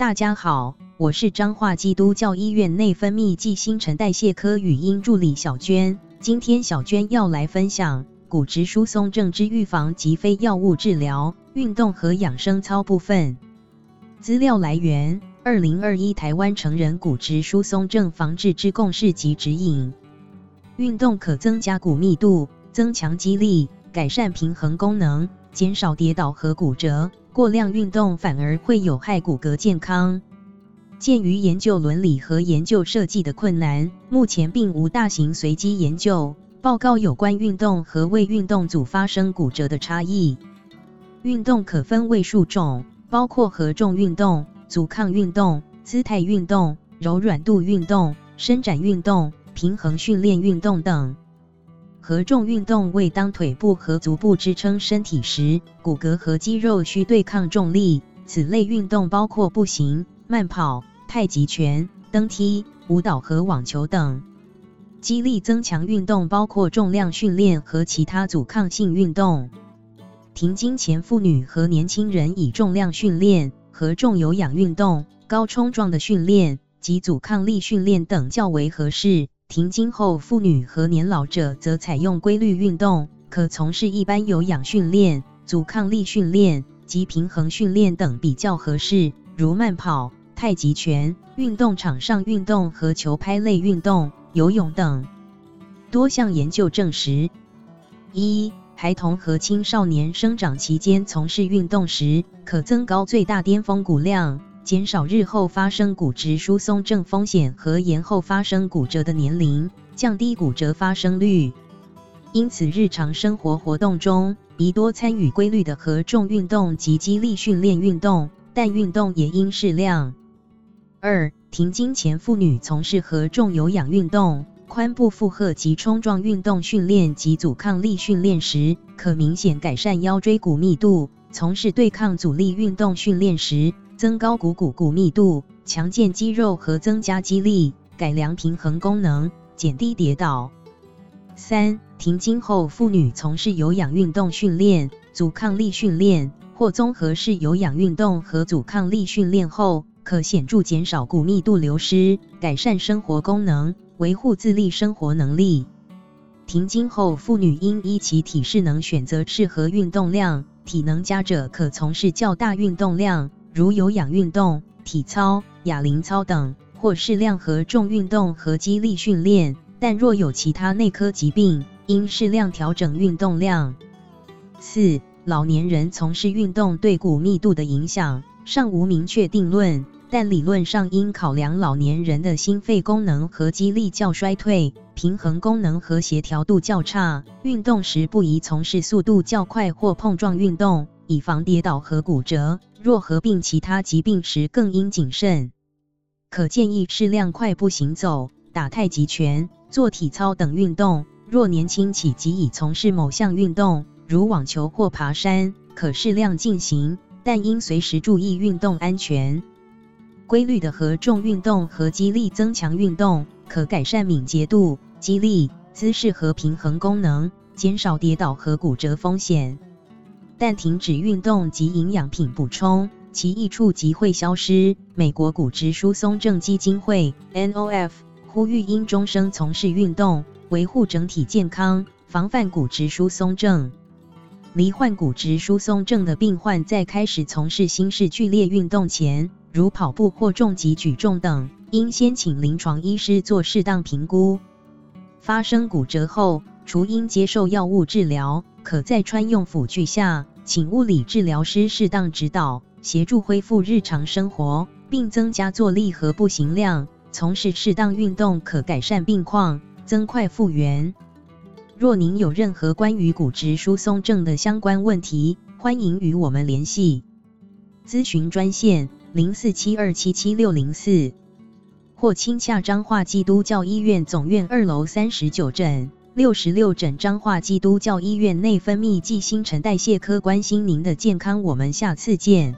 大家好，我是彰化基督教醫院內分泌暨新陳代謝科語音助理小娟。今天小娟要來分享骨質疏鬆症之預防及非藥物治療、運動和養生操部分。資料來源：二零二一台灣成人骨質疏鬆症防治之共識及指引。運動可增加骨密度，增強肌力，改善平衡功能，減少跌倒和骨折。過量運動反而會有害骨骼健康。鑑於研究倫理和研究設計的困難，目前並無大型隨機研究報告有關運動和未運動組發生骨折的差異。運動可分為數種，包括負重運動、阻抗運動、姿態運動、柔軟度運動、伸展運動、平衡訓練運動等。合重運動為當腿部和足部支撐身體時，骨骼和肌肉需對抗重力。此類運動包括步行、慢跑、太極拳、登梯、舞蹈和網球等。肌力增強運動包括重量訓練和其他阻抗性運動。停經前婦女和年輕人以重量訓練、荷重有氧運動、高衝撞的訓練及阻抗力訓練等較為合適。停經後，婦女和年老者則採用規律運動，可從事一般有氧訓練、阻抗力訓練及平衡訓練等比較合適，如慢跑、太極拳、運動場上運動和球拍類運動、游泳等。多項研究證實，一，孩童和青少年生長期間從事運動時，可增高最大巔峰骨量。減少日後發生骨質疏鬆症風險和延後發生骨折的年齡，降低骨折發生率。因此，日常生活活動中宜多參與規律的負重運動及肌力訓練運動，但運動也應適量。二，停經前婦女從事負重有氧運動、髖部負荷及衝撞運動訓練及阻抗力訓練時，可明顯改善腰椎骨密度。從事對抗阻力運動訓練時，增高股骨骨密度，強健肌肉和增加肌力，改良平衡功能，減低跌倒。三，停經後婦女從事有氧運動訓練、阻抗力訓練或綜合式有氧運動和阻抗力訓練後，可顯著減少骨密度流失，改善生活功能，維護自立生活能力。停經後婦女應依其體適能選擇適合運動量，體能佳者可從事較大運動量。如有氧運動、體操、啞鈴操等，或適量荷重運動和肌力訓練，但若有其他內科疾病，應適量調整運動量。四、老年人從事運動對骨密度的影響尚無明確定論，但理論上應考量老年人的心肺功能和肌力較衰退，平衡功能和協調度較差，運動時不宜從事速度較快或碰撞運動。以防跌倒和骨折。若合併其他疾病時，更應謹慎。可建議適量快步行走、打太極拳、做體操等運動。若年輕起，即已以從事某項運動，如網球或爬山，可適量進行，但應隨時注意運動安全。規律的負重運動和肌力增強運動，可改善敏捷度、肌力、姿勢和平衡功能，減少跌倒和骨折風險。但停止運動及營養品補充，其益處即會消失。美國骨質疏鬆症基金會 （N.O.F.） 呼籲應終生從事運動，維護整體健康，防範骨質疏鬆症。罹患骨質疏鬆症的病患在開始從事新式劇烈運動前，如跑步或重級舉重等，應先請臨床醫師做適當評估。發生骨折後，除應接受藥物治療，可在穿用輔具下。請物理治療師適當指導，協助恢復日常生活，並增加坐立和步行量。從事適當運動可改善病況，增快復原。若您有任何關於骨質疏鬆症的相關問題，歡迎與我們聯繫。諮詢專線：零四七二七七六零四，或親洽彰化基督教醫院總院二樓三十九診。六十六診彰化基督教醫院內分泌暨新陳代謝科關心您的健康，我們下次見。